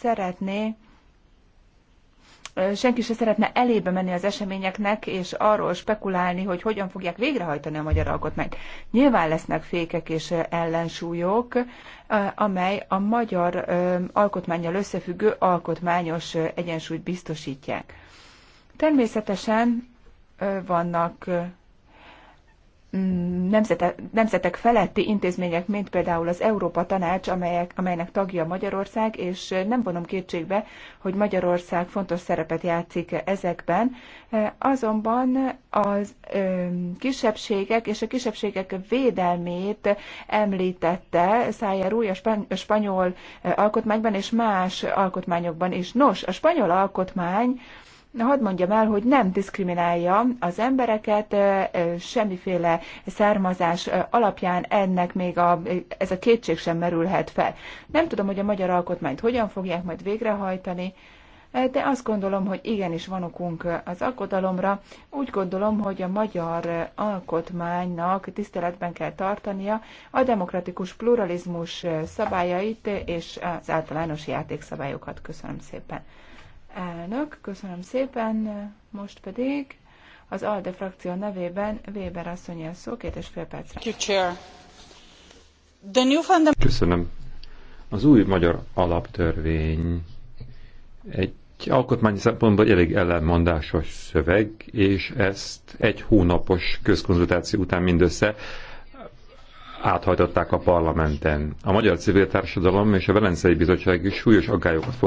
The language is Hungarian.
szeretné, senki se szeretne elébe menni az eseményeknek, és arról spekulálni, hogy hogyan fogják végrehajtani a magyar alkotmányt. Nyilván lesznek fékek és ellensúlyok, amely a magyar alkotmányjal összefüggő alkotmányos egyensúlyt biztosítják. Természetesen vannak nemzete, nemzetek feletti intézmények, mint például az Európa Tanács, amelyek, amelynek tagja Magyarország, és nem vonom kétségbe, hogy Magyarország fontos szerepet játszik ezekben. Azonban az kisebbségek és a kisebbségek védelmét említette Szájer új a, a spanyol alkotmányban és más alkotmányokban is. Nos, a spanyol alkotmány Na, hadd mondjam el, hogy nem diszkriminálja az embereket semmiféle származás alapján, ennek még a, ez a kétség sem merülhet fel. Nem tudom, hogy a magyar alkotmányt hogyan fogják majd végrehajtani, de azt gondolom, hogy igenis van okunk az alkotalomra. Úgy gondolom, hogy a magyar alkotmánynak tiszteletben kell tartania a demokratikus pluralizmus szabályait és az általános játékszabályokat. Köszönöm szépen. Elnök, köszönöm szépen. Most pedig az ALDE frakció nevében Weber asszony a szó, két és fél percre. Köszönöm. Az új magyar alaptörvény egy alkotmányi szempontból elég ellenmondásos szöveg, és ezt egy hónapos közkonzultáció után mindössze áthajtották a parlamenten. A magyar civil társadalom és a Velencei Bizottság is súlyos aggályokat